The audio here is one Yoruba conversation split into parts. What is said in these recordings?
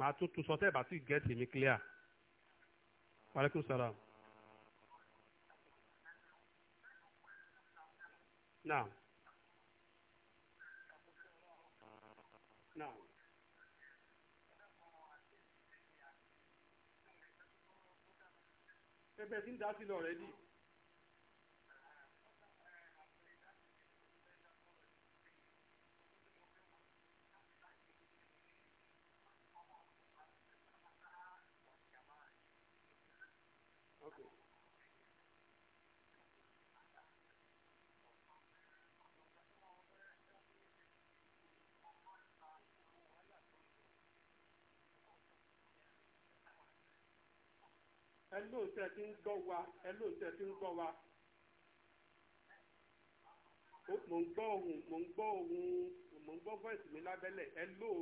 Ma tún tún sọ tẹ́ẹ̀bà tí gẹ́ẹ̀tì mi clear wàlẹ́kùn sọ̀rọ̀ now now. ẹbẹ̀ tí ń dá sí lọ rẹ̀ dì. ẹ lóòótọ́ ń gbọ́ wa ẹ lóòótọ́ ń gbọ́ wa mò ń gbọ́ ohùn mò ń gbọ́ ohùn mò ń gbọ́ voice mi lábẹ́lẹ̀ ẹ lóò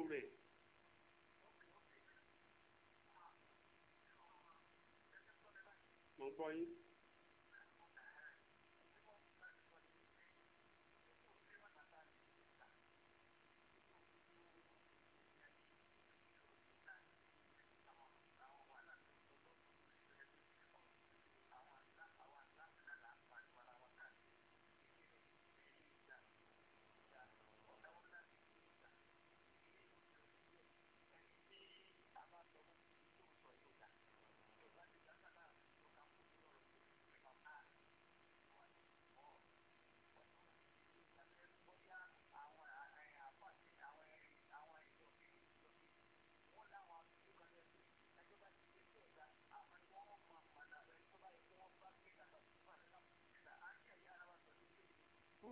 mò ń gbọ́ yín.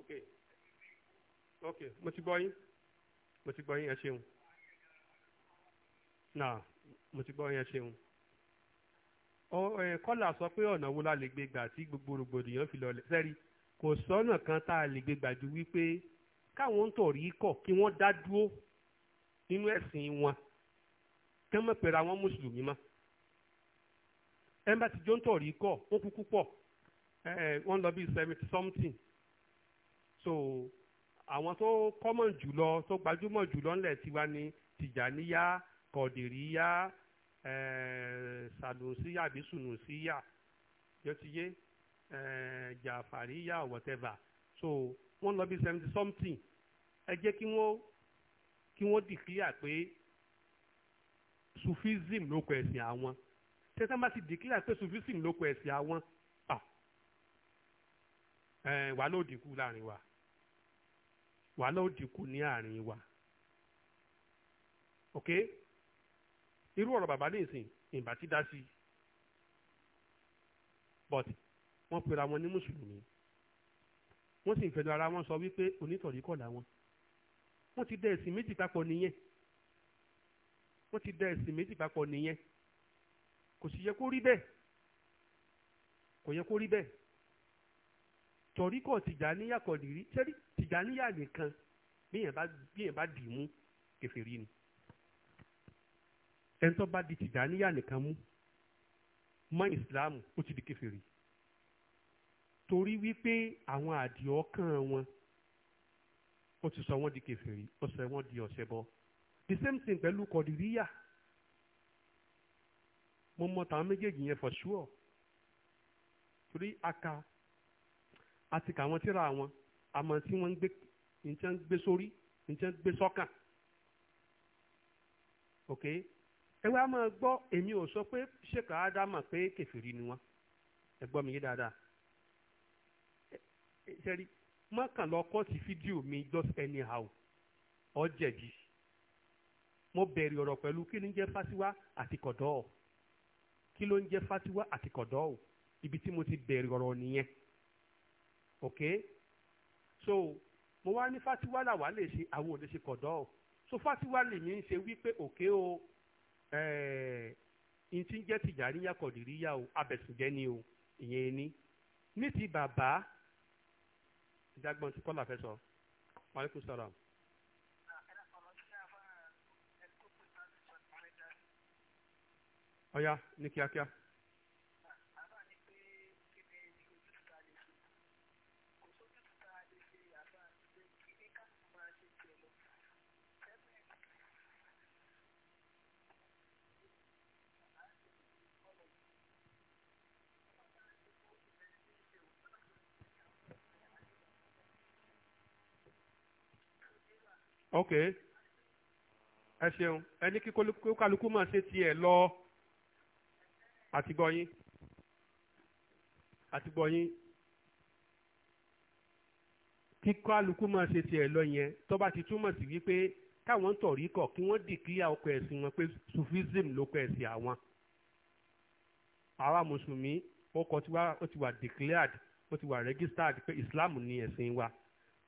ok ok mo ti gbọ́ yín mo ti gbọ́ yín ẹ ṣeun náà mo ti gbọ́ yín ẹ ṣeun kọ́là sọ pé ọ̀nà wo la lè gbé gbà tí gbogbo rògbòdìyàn fi lọlẹ̀ sẹ́rí kò sọ́nà kan tá a lè gbé gbà ju wípé káwọn ń tọ̀rí kọ̀ kí wọ́n dá dúró nínú ẹ̀sìn wọn kí wọ́n mọ̀ pé mùsùlùmí mọ́ ẹ̀ ń bá ti jó ń kọ̀ wọ́n kúkú pọ̀ wọ́n lọ bí seventy something so àwọn tó kọ́mọ̀ jùlọ tó gbajúmọ̀ jùlọ ńlẹ̀ tiwa ni tìjàníyá kọ̀dìríyá eh, sànùsíyà àbí sùnùsíyà yóò ti yé eh, jàfàríyà whatever so wọ́n lọ bí seventy something ẹ jẹ́ kí wọ́n kí wọ́n declare pé sufism ló kọ ẹ̀sìn àwọn tẹ́tẹ́ bá ti declare pé sufism ló kọ ẹ̀sìn àwọn ah. eh, wà lóòdì kú láàrin wa wàhálà ó dínkù ní àárín wa ok irú ọ̀rọ̀ bàbá nìsín ìbá ti dá sí i but wọ́n pera wọn ní mùsùlùmí wọ́n sì ń fẹnu ara wọn sọ wípé onítọ̀ríkọ̀ làwọn wọ́n ti dá ẹ̀sìn méjì papọ̀ nìyẹn wọ́n ti dá ẹ̀sìn méjì papọ̀ nìyẹn kò sì yẹ kó rí bẹ́ẹ̀ kò yẹ kó rí bẹ́ẹ̀ tọ̀ríkọ̀ tìjà níyàkọ̀ dìrí ṣẹ́rí tìjàníyà nìkan bíyàn bá bíyàn bá dì í mú kèfèrí ni ẹni tó bá di tìjàníyà nìkan mú mọ́ ìsìláàmù ó ti di kèfèrí torí wípé àwọn àdìọ́kàn wọn ó ti sọ wọ́n di kèfèrí ó sọ wọ́n di ọ̀ṣẹbọ the same thing pẹ̀lú kọ̀dìríyà mo mọ tàwọn méjèèjì yẹn for sure torí aka àti kà wọ́n tíra wọn àmọ́ tí wọ́n ń gbé ní tí wọ́n ń gbé sórí ní tí wọ́n ń gbé sọ́kàn ok ẹ wá máa gbọ́ èmi ò sọ pé ṣèkà ádámà pé kẹfìrí ni wọ́n ẹ gbọ́ mi yé dáadáa sẹ́rí mọ́kànlá ọkọ̀ ti fídíò mi just anyhow ọ jẹ̀bi mo bẹ̀rẹ̀ ọ̀rọ̀ pẹ̀lú kí ló ń jẹ́ fásiwá àti kọ̀dọ́ ọ̀ kí ló ń jẹ́ fásiwá àti kọ̀dọ́ ọ̀ ibi tí mo ti bẹ̀rẹ̀ ọ̀rọ̀ nìyẹn ok so mo wá ní fatiwa làwa lè ṣe àwọn ò lè ṣe kọ̀dọ̀ o so fatiwa lè mí ṣe wípé òkè o n ti jẹ́ tìjàríyà kọ̀dìríyà o abẹ̀sùnjẹ́ ni o ìyẹn ni ní ti bàbá ìdágbọ́n ti kọ́là fẹ́ sọ maaleykum salaam. ọ̀ya ní kíákíá. ok ẹ ṣeun ẹni kí kálukú máa ṣe tiẹ̀ lọ àtìgbọ̀yìn àtìgbọ̀yìn kí kálukú máa ṣe tiẹ̀ lọ yẹn tó bá ti túmọ̀ sí wípé káwọn ń tọ̀rí kọ̀ kí wọ́n dìkíyà ọkọ̀ ẹ̀sìn wọn pé sufism ló kọ ẹ̀sìn àwọn àwa mùsùlùmí ó kọ tí ó ti wà declared ó ti wà registered pé Islam ni ẹ̀sìn wa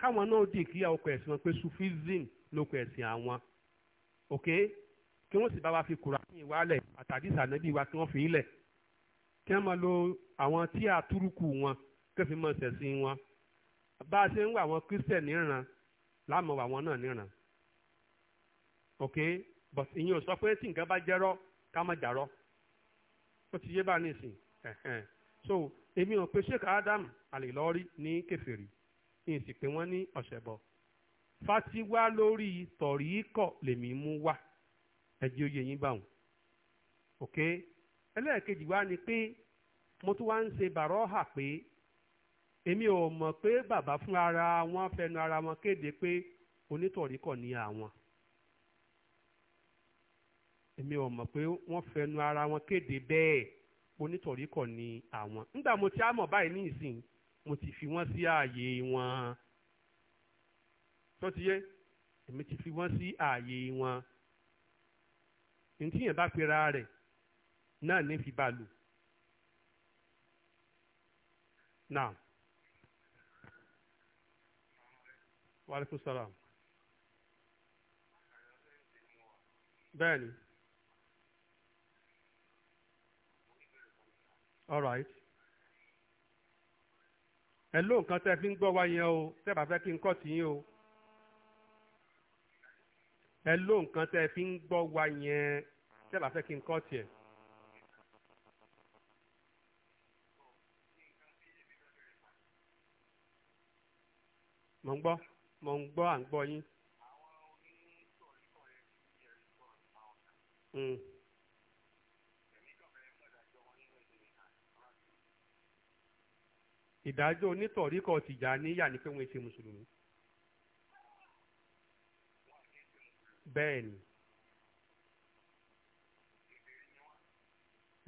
káwọn náà dì kí ọkọ̀ ẹ̀sìn wọn pé sufism lóko ẹ̀sìn àwọn ok kí wọ́n sì bá wa fi Kùránì wálẹ̀ àtàdí sànẹ́bí wa kí wọ́n fi ilẹ̀ kí wọ́n máa lo àwọn tí a túrúkù wọn kí wọ́n fi máa ṣẹ̀sìn wọn bá a ṣe ń wà àwọn Christian níran láàmú wà wọn náà níran ok but ìyẹn ò sọ pé tí nǹkan bá jẹ́rọ́ ká má jàrọ́ ó ti yé bá a nísìn so èmi ò pe Sheikh Adam Al-Ilori ní kèfèrí. èsì pé wọ́n ní ọ̀ṣẹ̀bọ fatiwa lórí tọ̀ríkọ̀ lèmi mú wá ẹ̀jẹ̀ oyè yín bá wọn ok ẹlẹ́ẹ̀kejì wá ni pé mo tún wá ń ṣe bàrọ́ hà pé èmi ò mọ̀ pé bàbá fún ara wọn fẹnu ara wọn kéde pé onítọ̀rí kọ̀ ní àwọn èmi ò mọ̀ pé wọ́n fẹnu ara wọn kéde bẹ́ẹ̀ onítọ̀rí kọ̀ ní àwọn nígbà mo ti á mọ̀ báyìí ní ìsìn mo ti fi wọ́n sí ààyè wọn tó ti yé èmi ti fi wọ́n sí ààyè wọn ntíyẹn bá pera rẹ̀ náà ní fi bá lò náà wàlẹ́kùn sọ́ra bẹ́ẹ̀ all right ẹ ló nǹkan tẹ́ fi ń gbọ́ wá yẹn o tẹ́ bá fẹ́ kí n kọ́ tì yín o ẹ ló nǹkan tẹ́ fi ń gbọ́ wá yẹn tẹ́ bá fẹ́ kí n kọ́ tì ẹ̀. mò ń gbọ́ mò ń gbọ́ à ń gbọ́ yín. Mm. ìdájọ́ onítọ̀ríkọ̀ tìjàníyà ni pé wọ́n ti mùsùlùmí. bẹ́ẹ̀ ni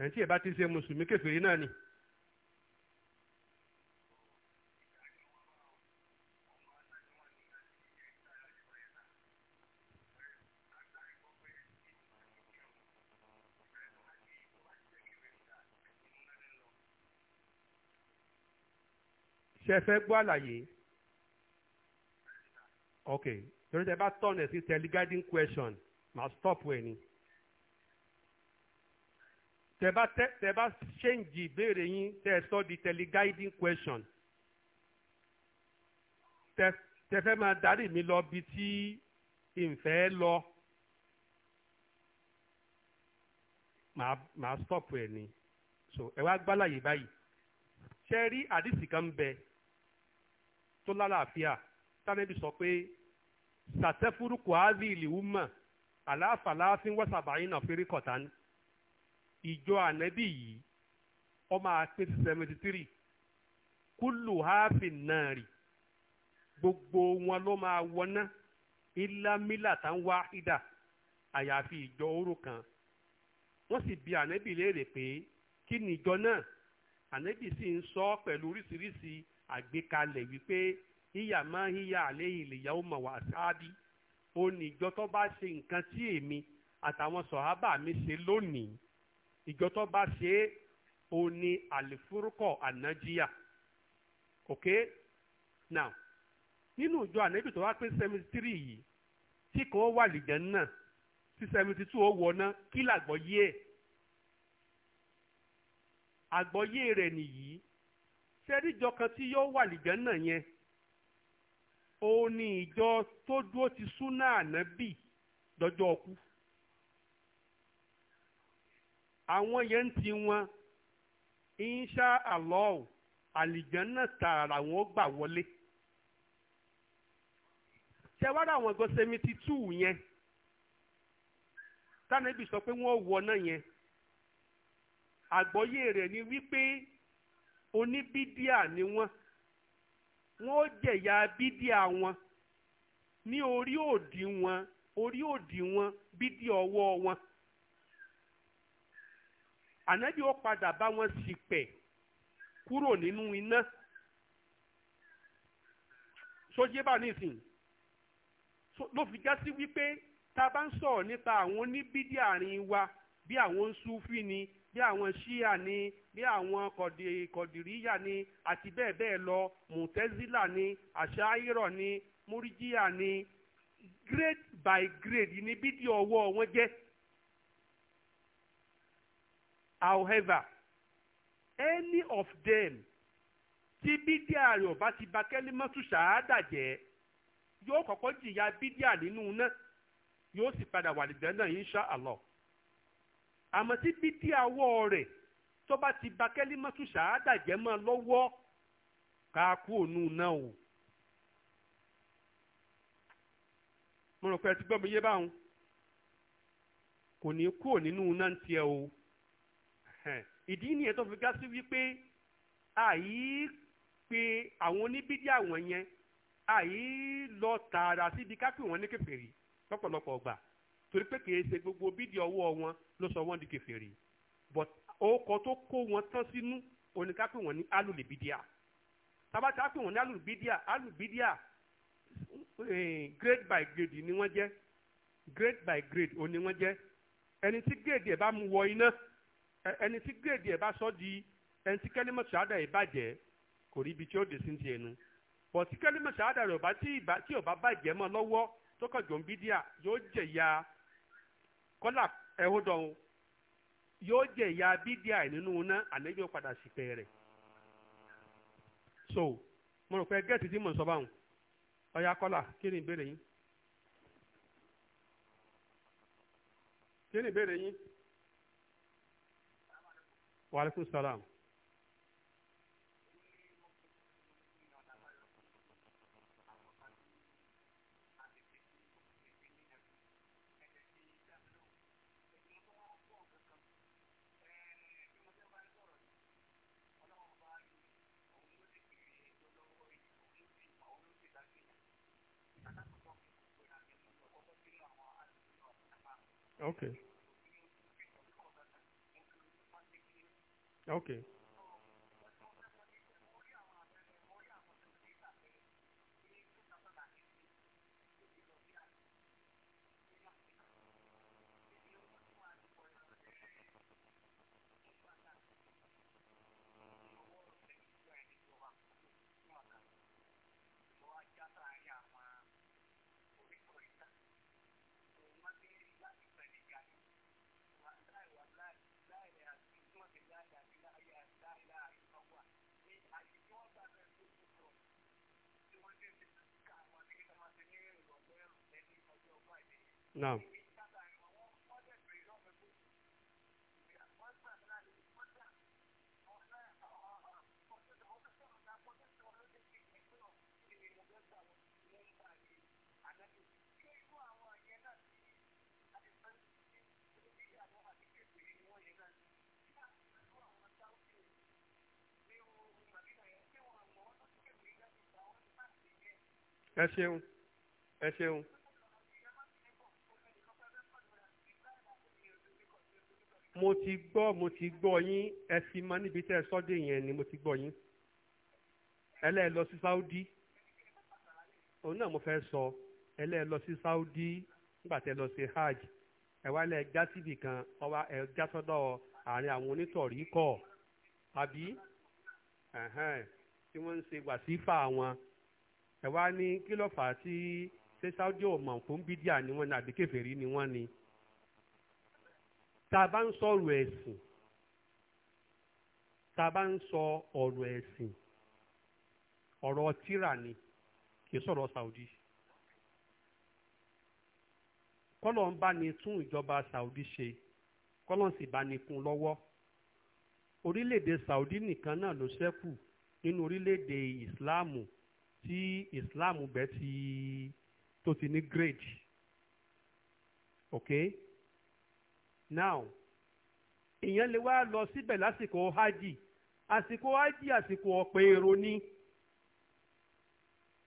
ẹ̀ńtí ẹ̀ bá ti ṣe mùsùlùmí kèfèrí náà ni. ṣe fẹ́ gbọ́ àlàyé ok torí tẹ bá tọ̀nà sí teleguiding question màá stop wẹ̀ ni tẹ bá tẹ bá ṣéǹjì ìbéèrè yín tẹ sọ di teleguiding question tẹ tẹ fẹ́ máa darí mi lọ bí tí ìfẹ́ lọ màá màá stop ẹ̀ ni so ẹ wá gbálàyè báyìí ṣe rí àdìsí kan ń bẹ tó lálàáfíà tánẹ́bì sọ pé sàtẹ́fúrú kòhádì ìlìwúmà aláfàlàáfín wọ́sàbàáyín náà fẹ́rí kọ̀tán ìjọ ànẹ́bì yìí ó máa pín sí seventy three kúlù háàfin náà rì gbogbo wọn ló máa wọná ilá mílà tá ń wá ìdá àyàfi ìjọ oró kan wọ́n sì bi ànẹ́bì léèrè pé kí ni ìjọ náà ànẹ́bì sì ń sọ pẹ̀lú oríṣiríṣi àgbékalẹ̀ wípé híyà máa híyà àléyìn ìlẹ̀yàwó mọ̀ wá sáábí ó ní ìjọ tó bá ṣe nǹkan tí èmi àtàwọn sọ̀hábà mi ṣe lónìí ìjọ tó bá ṣe é ó ní àlìfúrúkọ̀ ànájíyà ok now nínú ìjọ ànábì tó wá pé seventy three yìí tí kò wà lìjẹ́ náà tí seventy two ó wọná kí làgbọ́ yé e àgbọ́yé rẹ̀ nìyí se ìjọ kan tí yóò wà lìjẹ́ náà yẹn òun ni ìjọ tó ti súnà ànábì dọjọ́ ọkú àwọn yẹn ń ti wọn insha Allah àlìjẹ́ náà tààrà wọn gbà wọlé ṣẹ́wádà àwọn ẹ̀gọ́ seventy two yẹn tánàbì sọ pé wọ́n wọ náà yẹn àgbọ́yé rẹ̀ ni wípé. oníbídíà ni wọ́n wọ́n ó jẹ̀yà bídíà wọn ní orí òdì wọn orí òdì wọn bídí ọwọ́ wọn ànábì ó padà bá wọn ṣìpẹ̀ kúrò nínú iná sójú bá nísìnyí ló fi já sí wípé tá a bá ń sọ̀rọ̀ nípa àwọn oníbídí àárín wa bí àwọn ń súfí ni bí àwọn ṣíà ni bí àwọn kọ̀dìríyà ni àti bẹ́ẹ̀ bẹ́ẹ̀ lọ mùtẹ́zílà ni àṣàírọ̀ ni múríjíà ni grade by grade ni bídìí ọwọ́ wọn jẹ́ however any of them tí bídìí ààrẹ ọba ti ba kẹ́límọ́tù ṣáádà jẹ́ yóò kọ́kọ́ jìyà bídìí nínú náà yóò sì padà wà lìdánná insha Allah àmọ́ tí bídí àwọ̀ rẹ̀ tó bá ti ba kẹ́límọ́tù ṣáádà jẹ́ mọ́ lọ́wọ́ káàkú ònú náà o. mo rò pé ẹ ti gbọ́ mi yé báwọn kò ní kúrò nínú náà ń tiẹ̀ o ìdí nìyẹn tó fi gá sí wípé àyí pé àwọn oníbídí àwọn yẹn àyí lọ tààrà síbi ká pè wọ́n ní kèfèrí lọ́pọ̀lọpọ̀ ọgbà torí pé kìí ṣe gbogbo bídìí ọwọ́ wọn ló sọ wọ́n di kèfèrí but orúkọ tó kó wọn tán sínú oníkápẹ́ wọn ní alùlùbídíà tabata pé wọn ní alùbídíà alùbídíà eh, grade by grade ni wọ́n jẹ́ grade by grade òní wọ́n jẹ́ ẹni tí grade ẹ̀ bá mu wọ iná ẹni tí grade ẹ̀ bá sọ di ẹni tí kẹ́lẹ́mọ̀ ṣáádà ẹ̀ bàjẹ́ kò rí ibi tí ó dé sí ti ẹnu bọ̀ tí kẹ́lẹ́mọ̀ ṣáádà rẹ̀ ọba tí ò bá bàjẹ́ mọ́ lọ́wọ́ tó kàn jọ ń bídíà yóò jẹ̀yà kọ́là ẹ̀hódọ̀ o yóò jẹ ìyá bídíà nínú iná àlejò padà sí pẹ́ rẹ̀ so mo rò pé gẹ́ẹ̀tì tí mò ń sọ báwọn ọ̀yà kọ́là kí ni ìbéèrè yín kí ni ìbéèrè yín wa alaikum salaam. Okay. Okay. Naam. ẹ ṣeun ẹ ṣeun. mo ti gbọ́ mo ti gbọ́ yín ẹ fi mọ níbi tẹ́ ẹ sọ́dẹ̀ yẹn ni mo ti gbọ́ yín ẹlẹ́ẹ̀ lọ sí Saudi òun náà mo fẹ́ sọ ẹlẹ́ẹ̀ lọ sí Saudi nígbà tẹ́ lọ sí hajj ẹ wá lẹ́ẹ̀ já síbì kan ọ wá ẹ já sọ́dọ̀ àárín àwọn onítọ̀rí kọ̀ àbí tí wọ́n ń ṣe wàsífà wọn ẹ wá ní kí ló fà á tí ṣé Saudi ò mọ̀ fún bídíà ni wọ́n ní àbí ni wọ́n ni tá a bá ń sọ ọ̀rọ̀ ẹ̀sìn tá a bá ń sọ ọ̀rọ̀ ẹ̀sìn ọ̀rọ̀ tíra ni kì í sọ̀rọ̀ Saudi kọ́lọ̀ ń bá ní tún ìjọba Saudi ṣe kọ́lọ̀ sì bá ní kún lọ́wọ́ orílẹ̀-èdè Saudi nìkan náà ló ṣẹ́kù nínú orílẹ̀-èdè ìsìláàmù tí ìsìláàmù bẹ́ẹ̀ ti tó ti ní grade okay now èèyàn lè wá lọ síbẹ̀ lásìkò hajj àsìkò hajj àsìkò ọ̀pẹ èrò ni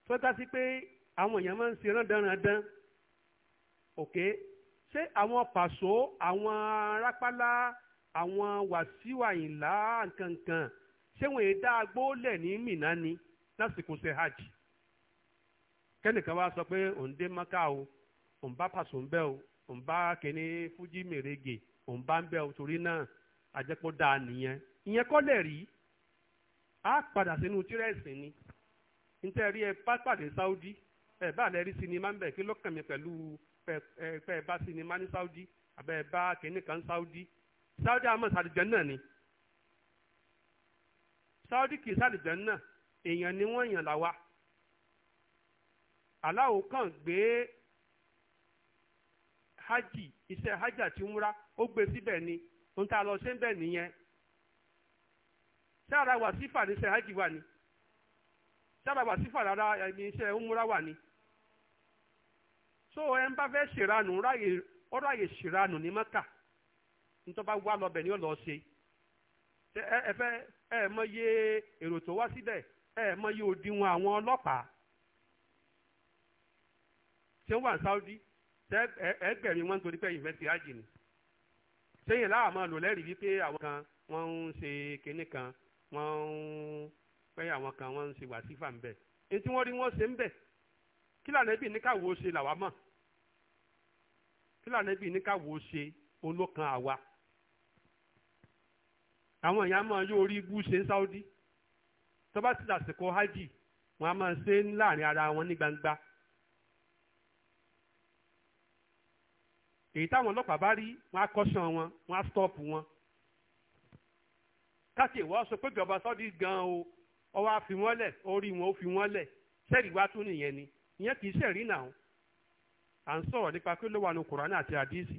fẹ́ká sí pé àwọn èèyàn máa ń se rándanrandan òkè ṣé àwọn pàṣọ àwọn rápálá àwọn wàsíù àyìnlá nkankan ṣé wọn yìí dá ní mìnà ni lásìkò ṣe hajj kẹ́nìkan wá sọ pé òun dé mọ́ká o òun bá pàṣọ ń bẹ́ o òun bá kíní fújì mèrègè òun bá ń bẹ torí náà àjẹpọ̀ dáa nìyẹn ìyẹn kọ́ lẹ̀ rí á padà sínú tírẹ̀sì ni níta rí ẹ pàdé Saudi ẹ bá lẹ rí sinimá ń bẹ kí ló kàn mí pẹ̀lú ẹ bá sinimá ní Saudi àbẹ́ ẹ bá kíní kan Saudi Saudi àmọ́ sàdìjẹ́ náà ni Saudi kì í sàdìjẹ́ náà èèyàn ni wọ́n yàn láwa aláwo kàn gbé hajj iṣẹ́ hajj àti nwura ó gbé síbẹ̀ ni ohun tá a lọ ṣe ń bẹ̀ nìyẹn sára wà sífà ní iṣẹ́ hajj wà ní sára wà sífà rárá ní iṣẹ́ wà ní. so ẹ ń bá fẹ́ ṣèranù ọ̀rọ̀ àyè ṣèranù ní mọ́kà nítorí bá wà lọ́bẹ̀ ni ó lọ́ọ́ ṣe ẹ fẹ́ ẹ mọ iye èrò tó wá síbẹ̀ ẹ mọ iye òdiwọ̀n àwọn ọlọ́pàá tí wọ́n wà ní ẹgbẹ̀rin wọn nítorí pé ìfẹ́ ti hájì ni sẹ́yìn láwọn máa lò lẹ́rìí wípé àwọn kan wọ́n ń ṣe kinní kan wọ́n ń pé àwọn kan wọ́n ń ṣe wàsífà ń bẹ̀ ní tí wọ́n rí wọ́n ṣe ń bẹ̀ kí lànà ibi ní káwo ṣe làwa mọ̀ kí lànà ibi ní káwo ṣe olókan àwa àwọn èèyàn máa yóò rí ibú ṣe sáúdí tó bá ti dàsìkò hájì wọn a máa ṣe láàrin ara wọn ní gbangba èyí táwọn ọlọ́pàá bá rí wọn á kọ́sán wọn wọn á stọ́ọ̀pù wọn. káàkiri ìwọ sọ pé ìjọba sọ́ọ́dí gan o ọwọ́ á fi wọ́n lẹ̀ orí wọn ó fi wọ́n lẹ̀ sẹ́ẹ̀rì wá tún nìyẹn ni ìyẹn kì í sẹ́ẹ̀rì náà à ń sọ̀rọ̀ nípa pé ló wà ní kùránì àti àdìsí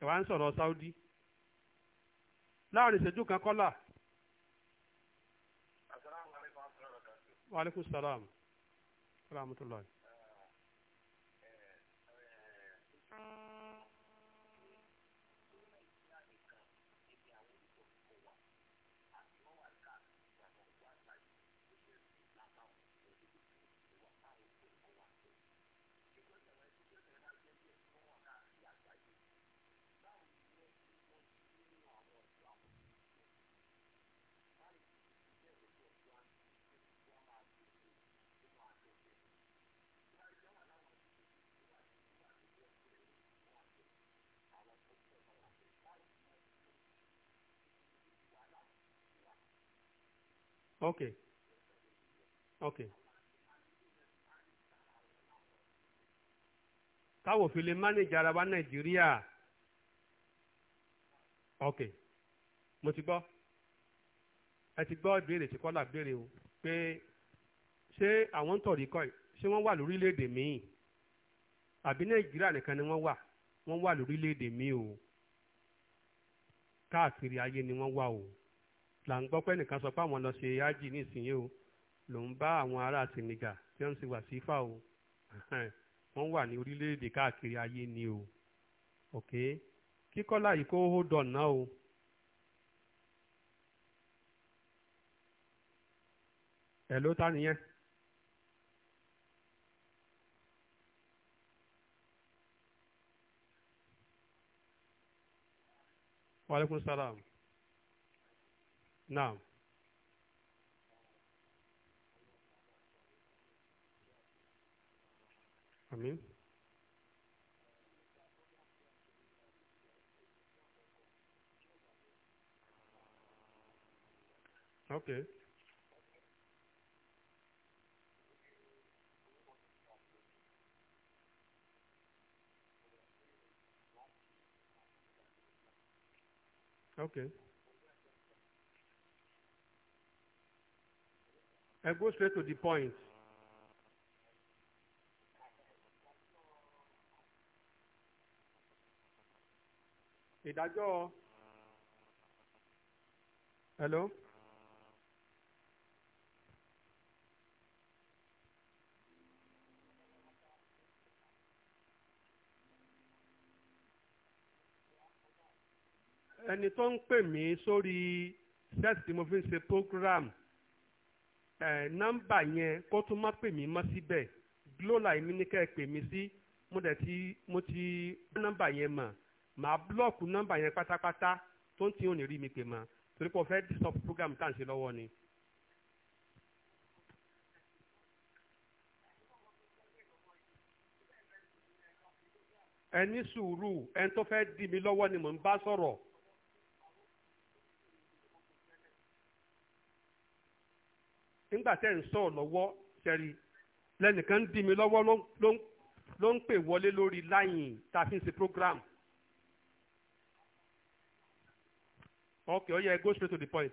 ẹ̀ wá ń sọ̀rọ̀ sáúdí láàrin ìṣẹ́jú kan kọ́là. Wa alaikum salaam. Rahmatullahi. Okay. Okay. táwọn òfin lè mánéjì ara wa nàìjíríà ok mo ti gbọ́ ẹ ti gbọ́ ìbéèrè tí kọ́lá béèrè o pé ṣé àwọn ń tọ̀rí kọ́ ẹ̀ ṣé wọ́n wà lórílẹ̀‐èdè míì àbí nàìjíríà nìkan ni wọ́n wà wọ́n wà lórílẹ̀‐èdè míì o káàkiri ayé ni wọ́n wà o là ń gbọ́ pé nìkan sọ pé àwọn lọ ṣe ájì nísìnyí o lòun bá àwọn ará Senegal tí wọ́n ń ṣe wàsífà o wọ́n wà ní orílẹ̀-èdè káàkiri ayé ni o ok kíkọ́lá yìí kó hold on o. ẹ̀ ló ta nìyẹn. Wa alaikum salaam. نعم أمين Okay. Okay. and go straight to the point. ìdájọ́ hello. ẹni tó ń pè mí sórí sẹ́ẹ̀tì tí mo fi ń ṣe program ẹ nọ́mbà yẹn kó tún má pè mí mọ́ síbẹ̀ glóòlà èmi ní ká ẹ pè mí sí mo dẹ̀ ti mo ti nọ́mbà yẹn mọ̀ màá búlọ̀kù nọ́mbà yẹn pátápátá tó ń tí ò ní rí mi pè mọ́ torí pé o fẹ́ disọ program tá à ń ṣe lọ́wọ́ ni. ẹni sùúrù ẹni tó fẹ́ dì mí lọ́wọ́ ni mò ń bá sọ̀rọ̀. nígbà tẹ́ ń sọ̀rọ̀ lọ́wọ́ sẹ́rí lẹ́nìkan dì mí lọ́wọ́ ló ń pè wọlé lórí láyìn tá a fi ń ṣe program. ok ó yẹ go straight to the point.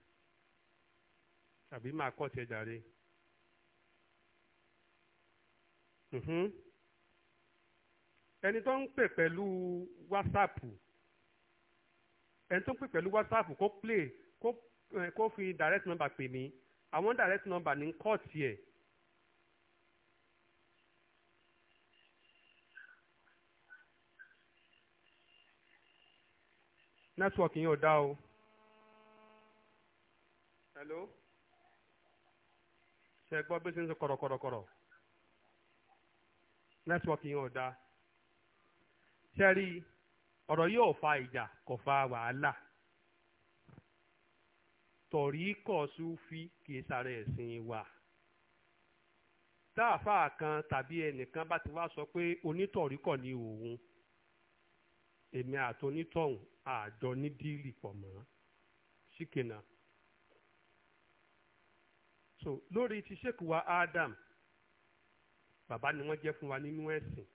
àbí máa kọ́ tiẹ̀ jàre. Mhm. ẹni tó ń pè pẹ̀lú whatsapp ẹni tó ń pè pẹ̀lú whatsapp kó play kó eh, kó fi direct number pè mí àwọn direct number ní kọ́ tiẹ̀. nẹ́tíwọ̀kì yín ò dá o. hello ṣe gbọ́ bí ṣe ń sọ kọ̀rọ̀kọ̀rọ̀kọ̀rọ̀ nẹ́tíwọ́ọ̀kì yẹn ò dáa ṣe rí ọ̀rọ̀ yóò fa ìjà kò fa wàhálà torí kò Súfí kì í sáré ẹ̀sìn wa táàfáà kan tàbí ẹnìkan bá ti wá sọ pé onítọ̀ríkọ̀ ni òun èmi àti onítọ̀hún àjọ ní díìlì pọ̀ mọ́ síkìnà so lórí ti sheikh wa adam bàbá ni wọ́n jẹ́ fún wa nínú ẹ̀sìn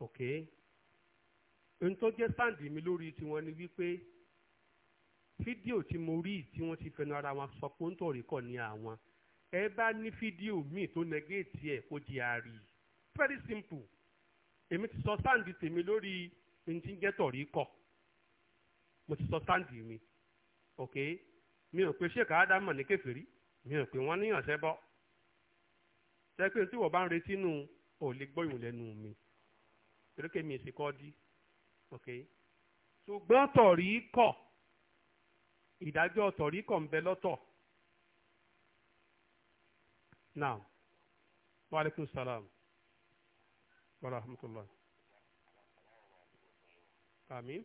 ok n tó jẹ́ sáǹdì mi lórí tiwọn ni wípé fídíò tí mo rí tí wọ́n ti fẹnu ara wọn sọ pé ń tọ̀rí kọ̀ ní àwọn ẹ bá ní fídíò míì tó nẹgẹ́ẹ̀tì ẹ̀ kó di àárí very simple èmi ti sọ sáǹdì tèmi lórí n ti jẹ́ tọ̀rí kọ̀ mo ti sọ sáǹdì mi ok mi ò pe sheik adamu ní kèfèrí mi ò pè wọ́n níyàn sẹ́bọ́ sẹ́pẹ́ tí wọ́n bá ń retí nù ò lè gbọ́ ìwọ̀n lẹ́nu mi torí kémi ìsìnkọ́ dí ok ṣùgbọ́n tọ̀rí kọ̀ ìdájọ́ tọ̀rí kọ̀ ń bẹ lọ́tọ̀ now wa aleykum salaam wa rahmatulah amin.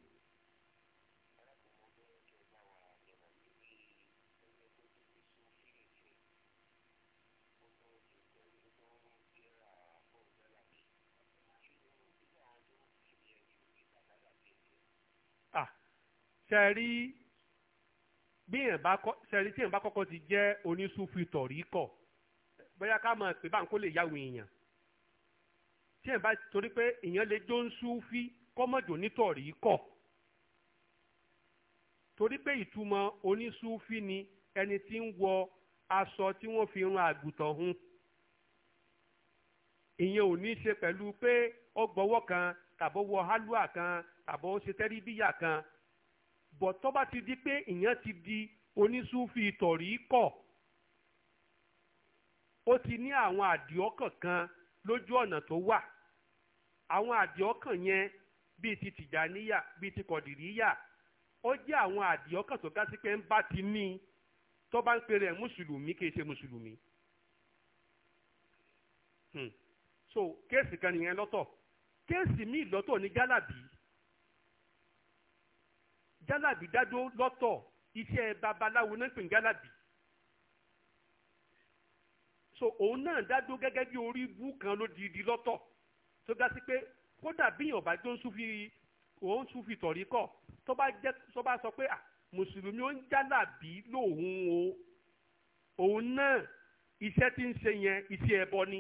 ṣẹ̀rí bí èèyàn bá kọ́ ṣẹ̀rí tí èèyàn bá kọ́kọ́ ti jẹ́ oníṣúfì tọ̀ríkọ̀ bóyá ká máa pè bá ń kó lè yáwó èèyàn tí èèyàn bá torí pé èèyàn lè jó ń súfì kọ́mọ̀jò nítọ̀ríkọ̀ torí pé ìtumọ̀ oníṣúfì ni ẹni tí ń wọ aṣọ tí wọ́n fi run àgùntàn hun ìyẹn ò ní í ṣe pẹ̀lú pé ó kan tàbó hálùwà kan tàbó ṣe tẹ́ríbíyà kan bọ̀ tó bá ti di pé ìyẹn ti di onísúfì tọ̀rí kọ̀ ó ti ní àwọn àdìọ́kàn kan lójú ọ̀nà tó wà àwọn àdìọ́kàn yẹn bíi ti tìjàníyà bíi ti kọ̀dìríyà ó jẹ́ àwọn àdìọ́kàn tó ga sí pé ń bá ti ní tó bá ń pèrè mùsùlùmí kì í ṣe mùsùlùmí. Hmm. so kéèsì kan nìyẹn lọ́tọ̀ kéèsì míì lọ́tọ̀ ní jálàbí jálàbí dádó lọ́tọ̀ iṣẹ́ babaláwo náà pè ní jálàbí so òun náà dádó gẹ́gẹ́ bí orí ibú kan ló di di lọ́tọ̀ tó ga sí pé kódà bíyàn bá jó ń súnfì òun súnfì tọ̀rí kọ̀ tó bá jẹ́ tó bá sọ pé mùsùlùmí ó ń jálàbí lòun o òun náà iṣẹ́ tí ń ṣe yẹn iṣẹ́ ẹbọ ni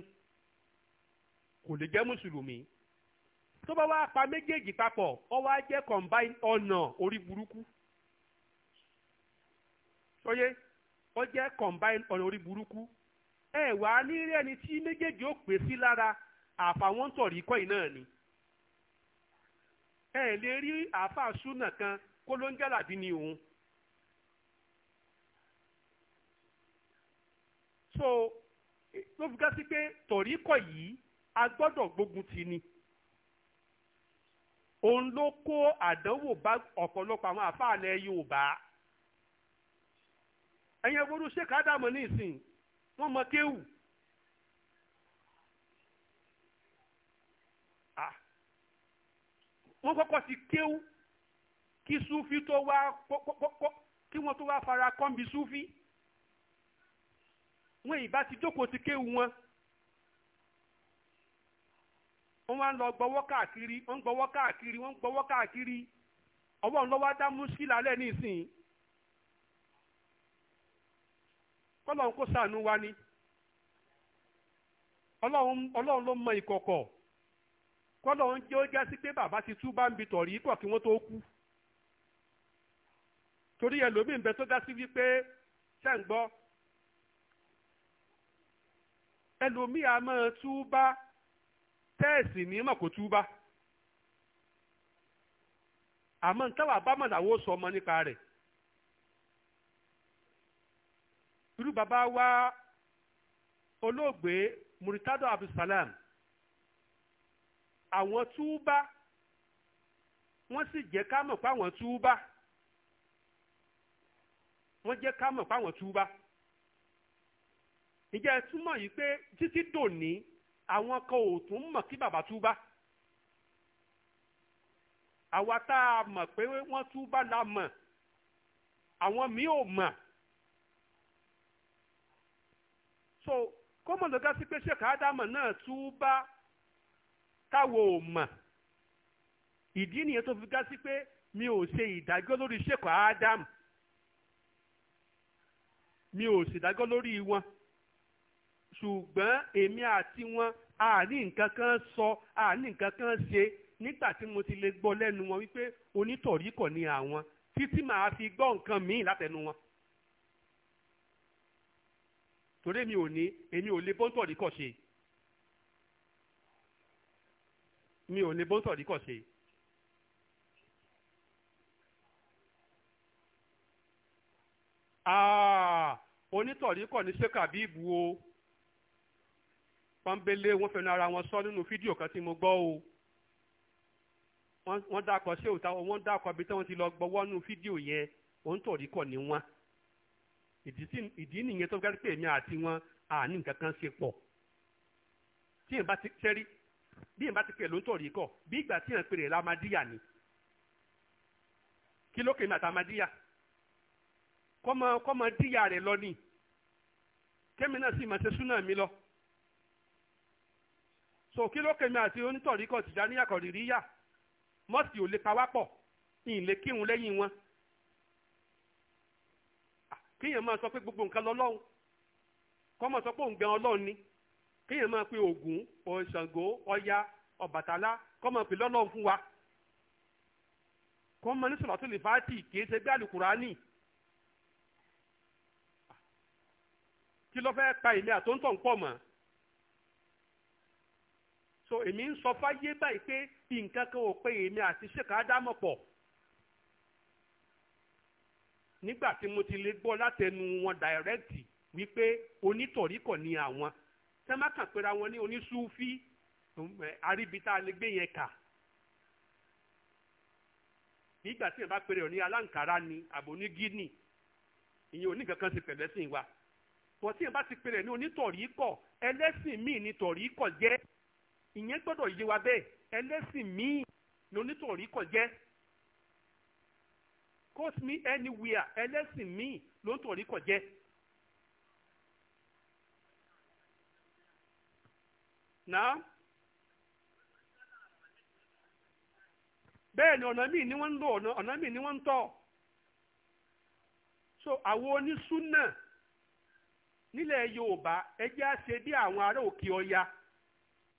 kò lè jẹ́ mùsùlùmí tó bá wá pa méjèèjì papọ̀ ó wá jẹ́ combine ọ̀nà orí burúkú sọyé ó jẹ́ combine ọ̀nà orí burúkú ẹ wà á ní rí ẹni tí méjèèjì ó pè sí lára àfàwọn tọ̀rí kọ́yìn náà ni ẹ lè rí àáfàá súnà kan kó ló ń jàlàbí ni òun. so ló fi ká sí pé tọ̀rí kọ̀ yìí a gbọ́dọ̀ gbógun ti ni òun ló kó àdánwò bá ọ̀pọ̀lọpọ̀ àwọn àfáàlẹ̀ Yorùbá ẹ̀yin ewúro ṣèkà dàmọ́ ní ìsìn wọ́n mọ kéwù wọ́n kọ́kọ́ ti kéwù kí Súfí tó wá kọ́kọ́kọ́ kí wọ́n tó wá fara kọ́ńbi Súfí wọ́n ìbá ti jókòó ti kéwù wọn. wọ́n wá ń lọ gbọ́wọ́ káàkiri wọ́n ń gbọ́wọ́ káàkiri wọ́n ń gbọ́wọ́ káàkiri ọwọ́ ń lọ́wọ́ dá múṣílà lẹ́ nísìnyí kọ́lọ́hún kó ṣàánú wa ni ọlọ́run ló mọ ìkọ̀kọ̀ kọ́lọ́hún jẹ́ ó jásí pé bàbá ti tú bá ń bi tọ̀rí kọ̀ kí wọ́n tó kú torí ẹlòmíì ń bẹ tó jásí wípé ṣẹ́ ń gbọ́ ẹlòmíì a máa tú bá. tẹ́ẹ̀sì ní mọ̀kò túbá àmọ́ ntáwà bá mọ̀ làwọn sọ ọmọ nípa rẹ̀ irú bàbá wa olóògbé Muritado Abdulsalam àwọn túbá wọ́n sì jẹ́ ká mọ̀ pé àwọn túbá wọ́n jẹ́ ká mọ̀ pé àwọn túbá ìjẹ́ túmọ̀ yìí pé títí dòní àwọn kan ò tún mọ̀ kí bàbá túbá àwa tá a mọ̀ pé wọ́n túbá la mọ̀ àwọn míì ò mọ̀ so kọ́mọ̀lọ́gá sí pé ṣé kàádámọ̀ náà túbá táwo ò mọ̀ ìdí nìyẹn tó fi gá sí pé mi ò ṣe ìdájọ́ lórí ṣèkọ̀ ádámù mi ò ṣèdájọ́ lórí wọn ṣùgbọ́n èmi àti wọn a ní nǹkan kan sọ a nǹkan kan ṣe nígbà tí mo ti lè gbọ́ lẹ́nu wọn wípé onítọ̀ríkọ̀ ni àwọn títí màá fi gbọ́ nǹkan míì látẹnu wọn. torí mi ò ní èmi ò lè bóńtọ̀ríkọ̀ ṣe mi ò lè bóńtọ̀ríkọ̀ ṣe. onítọ̀ríkọ̀ ní ṣé kàbíìbù o pọ́ńbélé wọ́n fẹnu ara wọn sọ nínú fídíò kan tí mo gbọ́ o wọ́n dàkọ̀ sí òòtà wọ́n dàkọ̀ ibi tí wọ́n ti lọ gbọ́wọ́ nínú fídíò yẹn òun tọ̀rí kọ̀ ní wọn ìdí nìyẹn tó gbẹ́rẹ́ pé èmi àti wọn àní nǹkan kan ṣe pọ̀ tí èèyàn bá ti sẹ́rí bí èèyàn bá ti pè ló ń tọ̀rí kọ̀ bí ìgbà tí èèyàn pè rẹ̀ ni kí ló kèémí àtàmadíyà kọ́mọ kọ́mọ díyà rẹ̀ lọ ni kémi náà sì máa ṣe súnà mi lọ. so kí ló kèmí àti onítọ̀ríkọ̀ Tìjàníyà Kọ̀dìríyà mọ́sì ò lè pawápọ̀ ní ìlé kírun lẹ́yìn wọn kíyàn máa sọ pé gbogbo nǹkan lọ́lọ́run kọ́ máa sọ pé òun gan ọlọ́run ni kíyàn máa pe Ògún Ṣàngó Ọya Ọbàtálá kọ́ máa pe lọ́lọ́run fún wa kọ́ máa ní sọ̀rọ̀ tó lè fàátì kìí ṣe gbé àlùkùránì kí ló fẹ́ pa ìlẹ̀ àtúntò ń pọ̀ mọ́. so èmi ń sọ fáyé báyìí pé nǹkan kan ò pé èmi àti ṣèkà ádámọ̀ pọ̀ nígbà tí mo ti lè gbọ́ látẹnu wọn dàrẹ́kìtì wípé onítọ̀ríkọ̀ ni àwọn tẹ́ má kàn pera wọn ní onísúfí àríbitá lè gbé yẹn kà nígbà tí yẹn bá pèrè òní aláǹkárá ni àbò ní gíní ìyẹn ò ní kankan ti pẹ̀lẹ́sìn wa pọ̀ tí yẹn bá ti pèrè ní onítọ̀ríkọ̀ ẹlẹ́sìn míì ni tọ̀ríkọ̀ jẹ́ ìyẹn gbọ́dọ̀ yé wa bẹ́ẹ̀ ẹlẹ́sìn míì ni onítòrí kọ̀ jẹ́ me anywhere ẹlẹ́sìn míì ló ń kọ̀ jẹ́. bẹ́ẹ̀ ni ọ̀nà míì ni wọ́n ń lò ọ̀nà míì ni wọ́n ń tọ̀ so àwọn nílẹ̀ Yorùbá bí àwọn ará òkè ọya.